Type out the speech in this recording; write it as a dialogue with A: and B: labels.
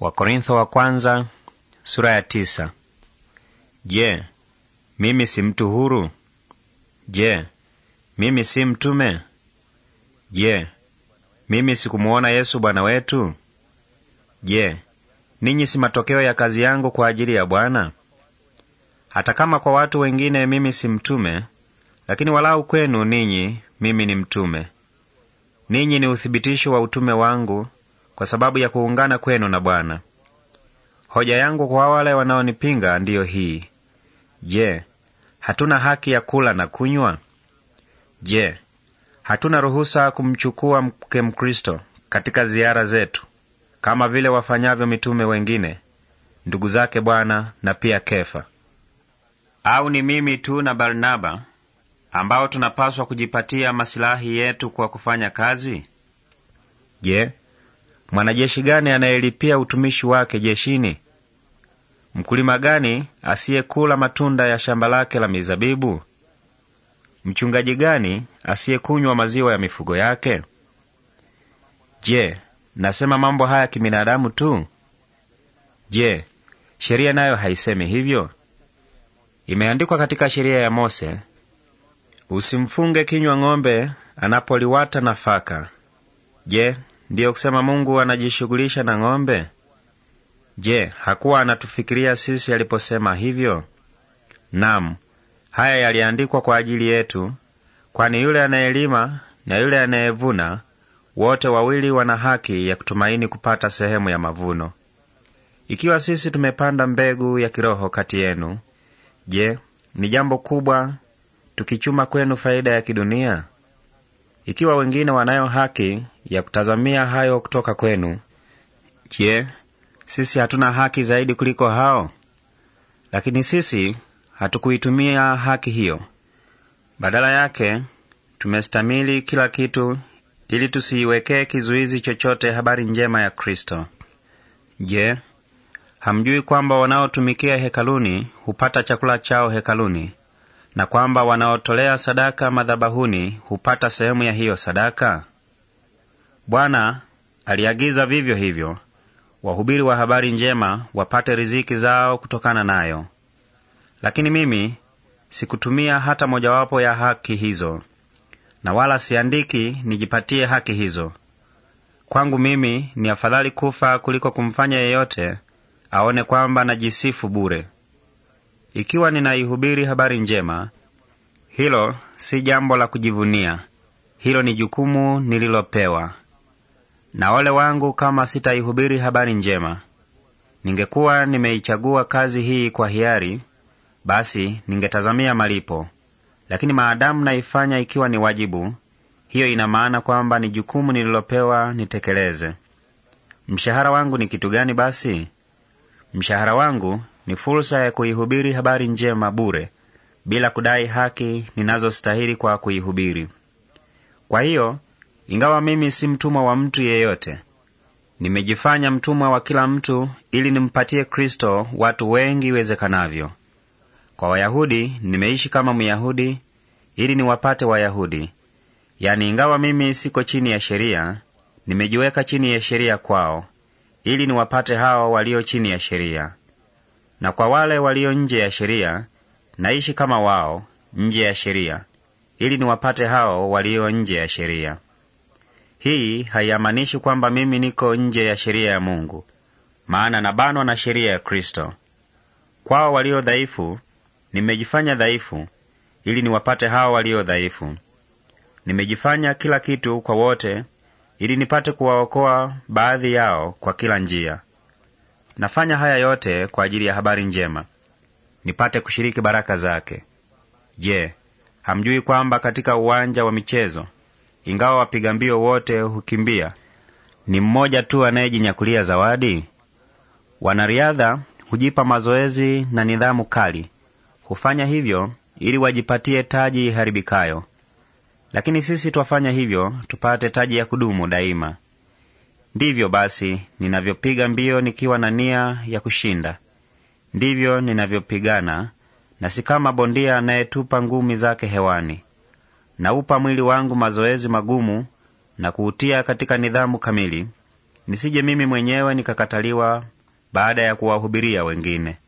A: Wakorintho wa kwanza, sura ya tisa. Je, mimi si mtu huru? Je, mimi si mtume? Je, mimi sikumuona Yesu Bwana wetu? Je, ninyi si matokeo ya kazi yangu kwa ajili ya Bwana? Hata kama kwa watu wengine mimi si mtume, lakini walau kwenu ninyi mimi ni mtume. Ninyi ni uthibitisho wa utume wangu kwa sababu ya kuungana kwenu na Bwana. Hoja yangu kwa wale wanaonipinga ndiyo hii: Je, hatuna haki ya kula na kunywa? Je, hatuna ruhusa kumchukua mke Mkristo katika ziara zetu kama vile wafanyavyo mitume wengine, ndugu zake Bwana na pia Kefa? Au ni mimi tu na Barnaba ambao tunapaswa kujipatia masilahi yetu kwa kufanya kazi? Je, Mwanajeshi gani anayelipia utumishi wake jeshini? Mkulima gani asiyekula matunda ya shamba lake la mizabibu? Mchungaji gani asiyekunywa maziwa ya mifugo yake? Je, nasema mambo haya kibinadamu tu? Je, sheria nayo haisemi hivyo? Imeandikwa katika sheria ya Mose, usimfunge kinywa ng'ombe anapoliwata nafaka. Je, Ndiyo kusema Mungu anajishughulisha na ng'ombe? Je, hakuwa anatufikiria sisi aliposema hivyo? nam haya yaliandikwa kwa ajili yetu, kwani yule anayelima na yule anayevuna wote wawili wana haki ya kutumaini kupata sehemu ya mavuno. Ikiwa sisi tumepanda mbegu ya kiroho kati yenu, je, ni jambo kubwa tukichuma kwenu faida ya kidunia? Ikiwa wengine wanayo haki ya kutazamia hayo kutoka kwenu. Je, sisi hatuna haki zaidi kuliko hao? Lakini sisi hatukuitumia haki hiyo. Badala yake tumestamili kila kitu ili tusiiwekee kizuizi chochote habari njema ya Kristo. Je, hamjui kwamba wanaotumikia hekaluni hupata chakula chao hekaluni na kwamba wanaotolea sadaka madhabahuni hupata sehemu ya hiyo sadaka? Bwana aliagiza vivyo hivyo wahubiri wa habari njema wapate riziki zao kutokana nayo. Lakini mimi sikutumia hata mojawapo ya haki hizo, na wala siandiki nijipatie haki hizo. Kwangu mimi ni afadhali kufa kuliko kumfanya yeyote aone kwamba najisifu bure. Ikiwa ninaihubiri habari njema, hilo si jambo la kujivunia. Hilo ni jukumu nililopewa. Na ole wangu kama sitaihubiri habari njema! Ningekuwa nimeichagua kazi hii kwa hiari, basi ningetazamia malipo. Lakini maadamu naifanya ikiwa ni wajibu, hiyo ina maana kwamba ni jukumu nililopewa nitekeleze. Mshahara wangu ni kitu gani basi? Mshahara wangu ni fursa ya kuihubiri habari njema bure, bila kudai haki ninazostahili kwa kuihubiri. Kwa hiyo ingawa mimi si mtumwa wa mtu yeyote, nimejifanya mtumwa wa kila mtu ili nimpatie Kristo watu wengi iwezekanavyo. Kwa Wayahudi nimeishi kama Myahudi ili niwapate Wayahudi, yaani ingawa mimi siko chini ya sheria, nimejiweka chini ya sheria kwao ili niwapate hao walio chini ya sheria. Na kwa wale walio nje ya sheria naishi kama wao nje ya sheria, ili niwapate hao walio nje ya sheria. Hii haiamaanishi kwamba mimi niko nje ya sheria ya Mungu, maana nabanwa na sheria ya Kristo. Kwao walio dhaifu nimejifanya dhaifu, ili niwapate hao walio dhaifu. Nimejifanya kila kitu kwa wote, ili nipate kuwaokoa baadhi yao kwa kila njia. Nafanya haya yote kwa ajili ya habari njema, nipate kushiriki baraka zake. Je, hamjui kwamba katika uwanja wa michezo ingawa wapiga mbio wote hukimbia, ni mmoja tu anayejinyakulia zawadi. Wanariadha hujipa mazoezi na nidhamu kali, hufanya hivyo ili wajipatie taji iharibikayo, lakini sisi twafanya hivyo tupate taji ya kudumu daima. Ndivyo basi ninavyopiga mbio nikiwa na nia ya kushinda, ndivyo ninavyopigana, na si kama bondia anayetupa ngumi zake hewani naupa mwili wangu mazoezi magumu na kuutia katika nidhamu kamili, nisije mimi mwenyewe nikakataliwa baada ya kuwahubiria wengine.